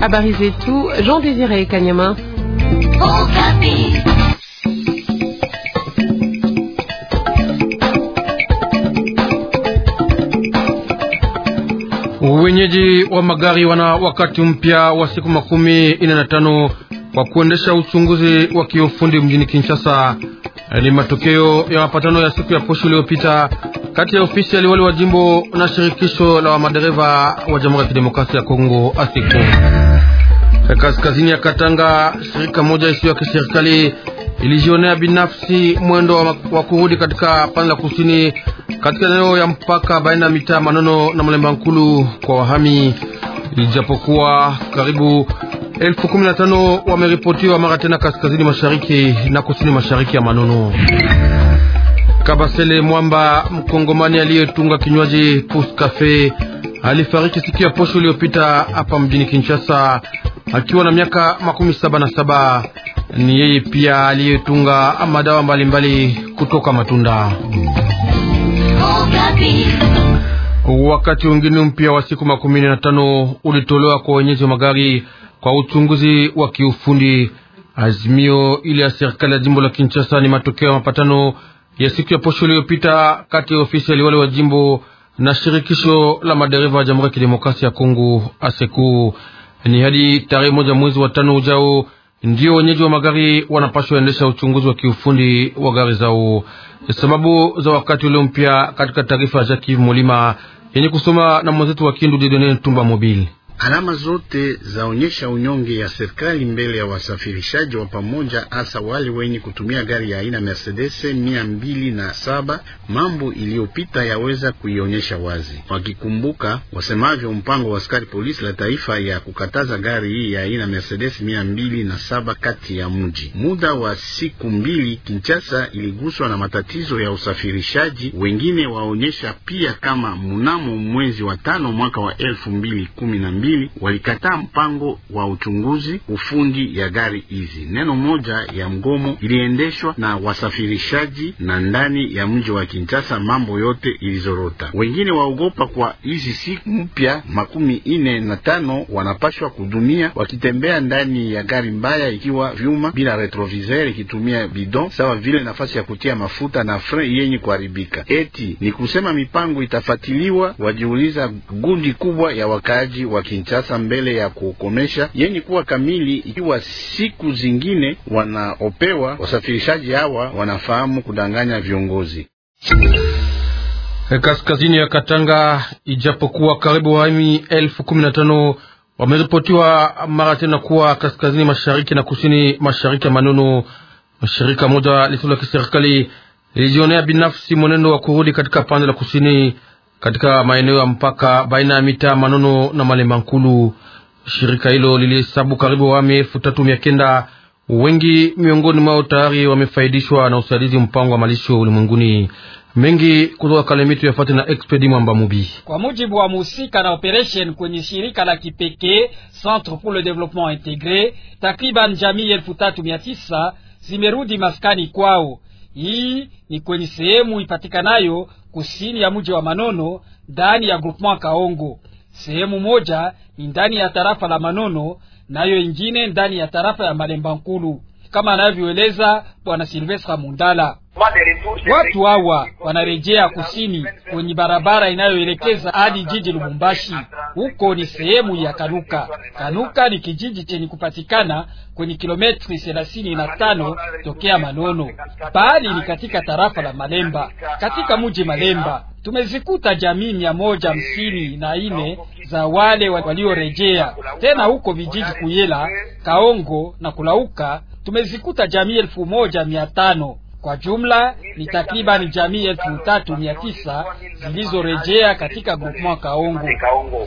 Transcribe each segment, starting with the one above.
Habari zetu Jean Désiré Kanyama. Okapi. Wenyeji wa magari wana wakati mpya wa siku makumi ine na tano kwa kuendesha uchunguzi wa kiufundi mjini Kinshasa. Ni matokeo ya mapatano ya siku ya posho iliyopita kati ya ofisi ya liwali wa jimbo na shirikisho la wamadereva wa Jamhuri ya Kidemokrasia ya Kongo ASECO. E, kaskazini ya Katanga, shirika moja isiyo ya kiserikali ilijionea binafsi mwendo wa, wa kurudi katika pande la kusini katika eneo ya mpaka baina ya mitaa Manono na Mlemba Nkulu kwa wahami, ijapokuwa karibu elfu kumi na tano wameripotiwa mara tena kaskazini mashariki na kusini mashariki ya Manono. Kabasele Mwamba, mkongomani aliyetunga kinywaji Cafe, alifariki siku ya posho iliyopita hapa mjini Kinshasa akiwa na miaka makumi saba na saba. Ni yeye pia aliyetunga madawa mbalimbali kutoka matunda. Wakati wengine mpya wa siku makumi na tano ulitolewa kwa wenyeji wa magari kwa uchunguzi wa kiufundi. Azimio ile ya serikali ya jimbo la Kinshasa ni matokeo ya mapatano ya siku ya posho iliyopita kati ya ofisi ya liwali wa jimbo na shirikisho la madereva ya Jamhuri ya Kidemokrasia ya Kongo aseku Ni hadi tarehe moja mwezi wa tano ujao ndio wenyeji wa magari wanapaswa endesha uchunguzi wa kiufundi wa gari zao. Sababu za wakati ule mpya, katika taarifa ya Jacques Mulima yenye kusoma na mwenzetu wa Kindu Dedone Tumba Mobile. Alama zote zaonyesha unyonge ya serikali mbele ya wasafirishaji wa pamoja, hasa wale wenye kutumia gari ya aina Mercedes mia mbili na saba. Mambo iliyopita yaweza kuionyesha wazi, wakikumbuka wasemavyo mpango wa askari polisi la taifa ya kukataza gari hii ya aina Mercedes mia mbili na saba kati ya mji. Muda wa siku mbili, Kinshasa iliguswa na matatizo ya usafirishaji. Wengine waonyesha pia kama mnamo mwezi wa tano mwaka wa elfu mbili kumi na mbili mbili walikataa mpango wa uchunguzi ufundi ya gari hizi. Neno moja ya mgomo iliendeshwa na wasafirishaji, na ndani ya mji wa Kinshasa mambo yote ilizorota. Wengine waogopa kwa hizi siku mpya makumi ine na tano wanapashwa kudumia wakitembea ndani ya gari mbaya, ikiwa vyuma bila retroviseur, ikitumia bidon sawa vile nafasi ya kutia mafuta na fre yenye kuharibika. Eti ni kusema mipango itafatiliwa, wajiuliza gundi kubwa ya wakaaji wa Kinshasa. Kinshasa mbele ya kukomesha yenye kuwa kamili, ikiwa siku zingine wanaopewa wasafirishaji hawa wanafahamu kudanganya viongozi. Kaskazini ya Katanga, ijapokuwa karibu wahami elfu kumi na tano wameripotiwa mara tena kuwa kaskazini mashariki na kusini mashariki ya Manono, shirika moja lisilo la kiserikali lilijionea binafsi mwenendo wa kurudi katika pande la kusini katika maeneo ya mpaka baina ya mitaa Manono na malemba Nkulu. Shirika hilo lilihesabu karibu wami elfu tatu mia kenda wengi miongoni mwao tayari wamefaidishwa na usaidizi mpango wa malisho ulimwenguni. Mengi kutoka Kalemitu yafate na Expedi Mwamba Mubi. Kwa mujibu wa muhusika na operation kwenye shirika la kipekee Centre pour le Développement Intégré, takriban jamii elfu tatu mia tisa zimerudi maskani kwao. Hii ni kwenye sehemu ipatikanayo kusini ya mji wa Manono ndani ya groupement Kaongo. Sehemu moja ni ndani ya tarafa la Manono, nayo ingine ndani ya tarafa ya Malemba Nkulu kama anavyoeleza bwana Silvestre Mundala. Watu hawa wanarejea kusini kwenye barabara inayoelekeza hadi jiji Lubumbashi. Huko ni sehemu ya Kanuka. Kanuka ni kijiji chenye kupatikana kwenye kilometri thelathini na tano tokea Manono, bali ni katika tarafa la Malemba. Katika mji Malemba tumezikuta jamii mia moja hamsini na nne za wale waliorejea tena huko vijiji Kuyela, Kaongo na Kulauka tumezikuta jamii elfu moja mia tano kwa jumla ni takriban jamii elfu tatu mia tisa zilizorejea katika groupement Kaongo.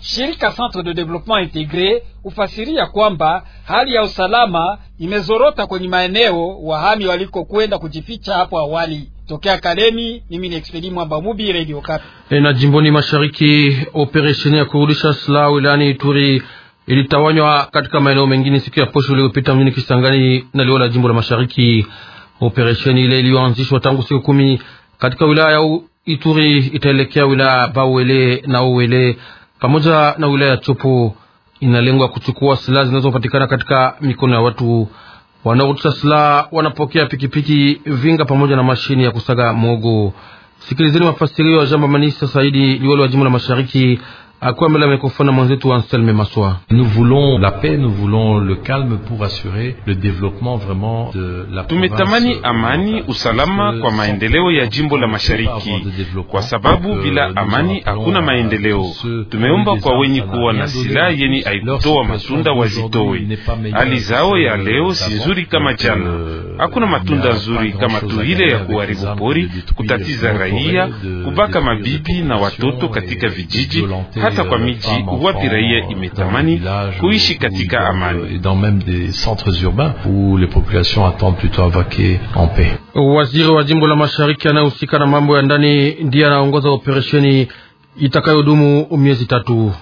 Shirika Centre de Developpement Integre hufasiria kwamba hali ya usalama imezorota kwenye maeneo wahami walikokwenda kujificha hapo awali. Tokea Kalemi, mimi ni Expedi Mwamba Mubi, Radio Okapi. E, na jimboni mashariki, operesheni ya kurudisha silaha wilayani Ituri ilitawanywa katika maeneo mengine siku ya posho iliyopita mjini Kisangani na leo la jimbo la Mashariki. Operesheni ile iliyoanzishwa tangu siku kumi katika wilaya ya Ituri itaelekea wilaya Bauele na Uwele pamoja na wilaya ya Chopo. Inalengwa kuchukua silaha zinazopatikana katika mikono ya watu wanaorudisha silaha, wanapokea pikipiki, vinga pamoja na mashini ya kusaga mogo. Sikilizeni mafasirio ya Jamba Manisa Saidi, liwali wa jimbo la Mashariki. la Nous voulons la paix, nous voulons le calme pour assurer le développement vraiment de la tumetamani euh, amani usalama kwa maendeleo ya jimbo la mashariki, kwa sababu bila amani hakuna maendeleo. Tumeomba kwa wenye kuwa na silaha yeni haikutoa matunda wazitowe. Hali zao ya leo si nzuri kama jana. Hakuna matunda nzuri kama tu ile ya kuharibu pori, kutatiza raia, kubaka mabibi na watoto katika vijiji, hata kwa miji wapi raia imetamani kuishi katika amani. Waziri wa jimbo la mashariki anayehusika na mambo ya ndani ndiye anaongoza operesheni itakayodumu miezi tatu.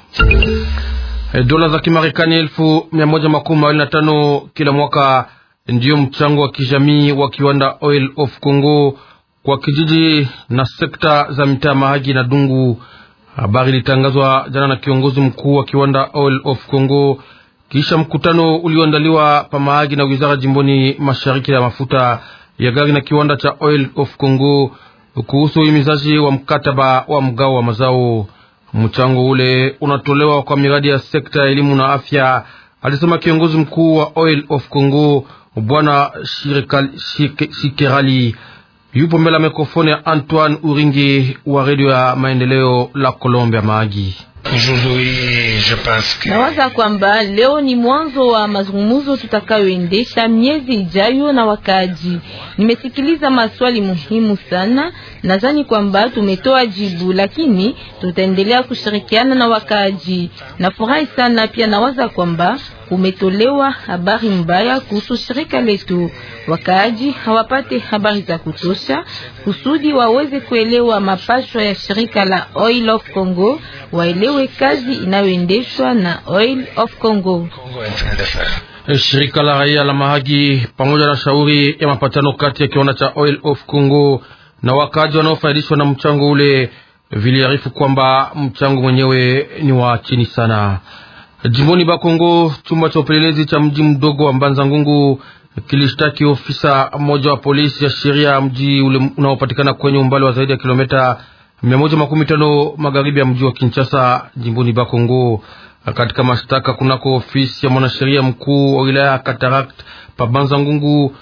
Dola za Kimarekani elfu mia moja makumi mawili na tano kila mwaka ndiyo mchango wa kijamii wa kiwanda Oil of Congo kwa kijiji na sekta za mitaa Mahagi na Dungu. Habari ilitangazwa jana na kiongozi mkuu wa kiwanda Oil of Congo kisha mkutano ulioandaliwa pa Mahagi na wizara jimboni mashariki ya mafuta ya gari na kiwanda cha Oil of Congo kuhusu uhimizaji wa mkataba wa mgao wa mazao. Mchango ule unatolewa kwa miradi ya sekta ya elimu na afya, alisema kiongozi mkuu wa Oil of Congo Bwana Shikerali yupo mbele ya mikrofoni ya Antoine Uringi wa redio ya maendeleo la Kolombe ya Maagi. Nawaza kwamba leo ni mwanzo wa mazungumzo tutakayoendesha miezi ijayo na wakaaji. Nimesikiliza maswali muhimu sana, nadhani kwamba tumetoa jibu, lakini tutaendelea kushirikiana na wakaaji. Nafurahi sana pia, nawaza kwamba kumetolewa habari mbaya kuhusu shirika letu. Wakaaji hawapate habari za kutosha kusudi waweze kuelewa mapashwa ya shirika la Oil of Congo, waelewe kazi inayoendeshwa na Oil of Congo. Eh, shirika la raia la Mahagi pamoja na shauri ya mapatano kati ya kiwanda cha Oil of Congo na wakaaji wanaofaidishwa na mchango ule viliarifu kwamba mchango mwenyewe ni wa chini sana. Jimboni Bakongo, chumba cha upelelezi cha mji mdogo wa Mbanza Ngungu kilishtaki ofisa mmoja wa polisi ya sheria mji ule unaopatikana kwenye umbali wa zaidi ya kilomita 115 magharibi ya mji wa Kinshasa, jimboni Bakongo, katika mashtaka kunako ofisi ya mwanasheria mkuu wa wilaya ya pa Mbanza Ngungu.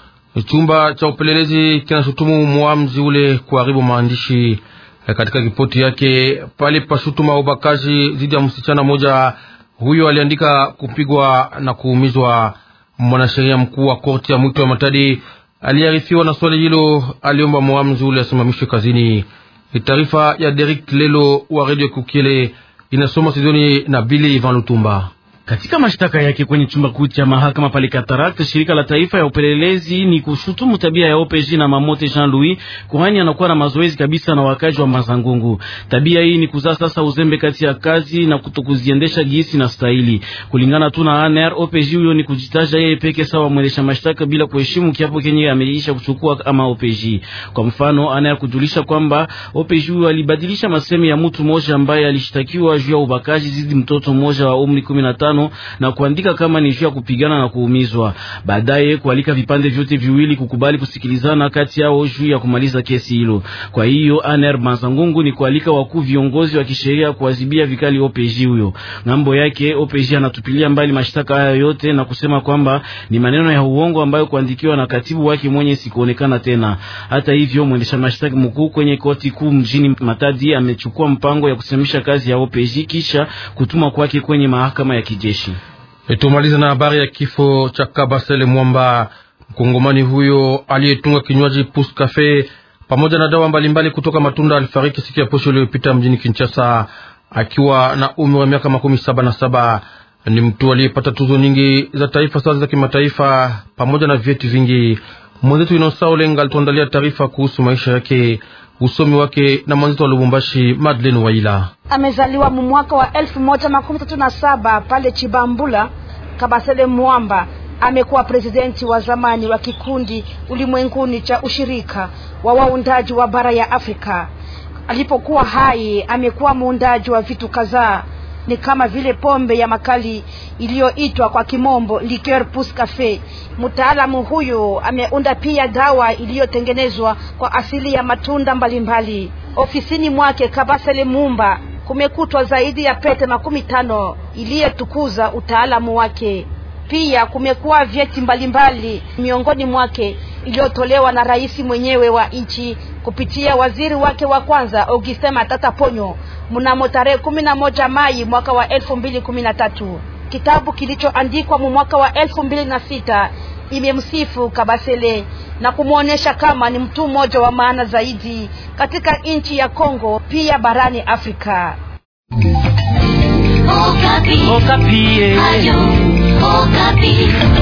Chumba cha upelelezi kinashutumu mwamzi ule kuharibu maandishi. Katika ripoti yake pale pasutuma ubakaji dhidi ya msichana mmoja huyo aliandika kupigwa na kuumizwa. Mwanasheria mkuu wa korti ya mwito wa Matadi aliarifiwa na swali hilo, aliomba mwamzi ule asimamishwe kazini. Taarifa ya derik Lelo wa redio Kukiele inasoma Sidoni na Bili Ivan Lutumba. Katika mashtaka yake kwenye chumba kuu cha mahakama pale Katarakt, shirika la taifa ya upelelezi ni kushutumu tabia ya OPG na Mamote Jean Louis kwani anakuwa na mazoezi kabisa na wakazi wa Mazangungu. Tabia hii ni kuzaa sasa uzembe kati ya kazi na kutokuziendesha gisi na stahili. Kulingana tu na ANR, OPG huyo ni kujitaja yeye peke sawa mwendesha mashtaka bila kuheshimu kiapo kenye ameisha kuchukua ama OPG. Kwa mfano, ANR kujulisha kwamba OPG huyo alibadilisha masemi ya mtu mmoja ambaye alishtakiwa juu ya ubakaji zidi mtoto mmoja wa umri 15 mapambano na kuandika kama ni juu ya kupigana na kuumizwa, baadaye kualika vipande vyote viwili kukubali kusikilizana kati yao juu ya kumaliza kesi hilo. Kwa hiyo Aner Mazangungu ni kualika wakuu viongozi wa kisheria kuadhibia vikali OPJ huyo. Ngambo yake OPJ anatupilia mbali mashtaka hayo yote na kusema kwamba ni maneno ya uongo ambayo kuandikiwa na katibu wake mwenye sikuonekana tena. Hata hivyo, mwendesha mashtaka mkuu kwenye koti kuu mjini Matadi amechukua mpango ya kusimamisha kazi ya OPJ kisha kutuma kwake kwenye mahakama ya kijeshi kijeshi. Tumaliza na habari ya kifo cha Kabasele Mwamba, mkongomani huyo aliyetunga kinywaji Pus Cafe pamoja na dawa mbalimbali kutoka matunda. Alifariki siku ya posho iliyopita mjini Kinshasa akiwa na umri wa miaka makumi saba na saba. Ni mtu aliyepata tuzo nyingi za taifa sasa za kimataifa pamoja na vyeti vingi. Mwenzetu Inosao alituandalia taarifa kuhusu maisha yake. Usomi wake na mwanzito wa Lubumbashi, Madeleine Waila. Amezaliwa mwaka wa elfu moja makumi tatu na saba pale Chibambula, Kabasele Mwamba. Amekuwa presidenti wa zamani wa kikundi ulimwenguni cha ushirika wa waundaji wa bara ya Afrika. Alipokuwa hai, amekuwa muundaji wa vitu kadhaa ni kama vile pombe ya makali iliyoitwa kwa kimombo liqueur pus cafe. Mtaalamu huyu ameunda pia dawa iliyotengenezwa kwa asili ya matunda mbalimbali. Ofisini mwake Kabasele Mumba kumekutwa zaidi ya pete makumi tano iliyetukuza utaalamu wake. Pia kumekuwa vyeti mbalimbali miongoni mwake iliyotolewa na rais mwenyewe wa nchi kupitia waziri wake wa kwanza Augustin Matata Ponyo mnamo tarehe kumi na moja Mai mwaka wa elfu mbili kumi na tatu. Kitabu kilichoandikwa mu mwaka wa elfu mbili na sita imemsifu Kabasele na kumwonyesha kama ni mtu mmoja wa maana zaidi katika nchi ya Kongo pia barani Afrika. Okapi. Okapi. Ayo, Okapi.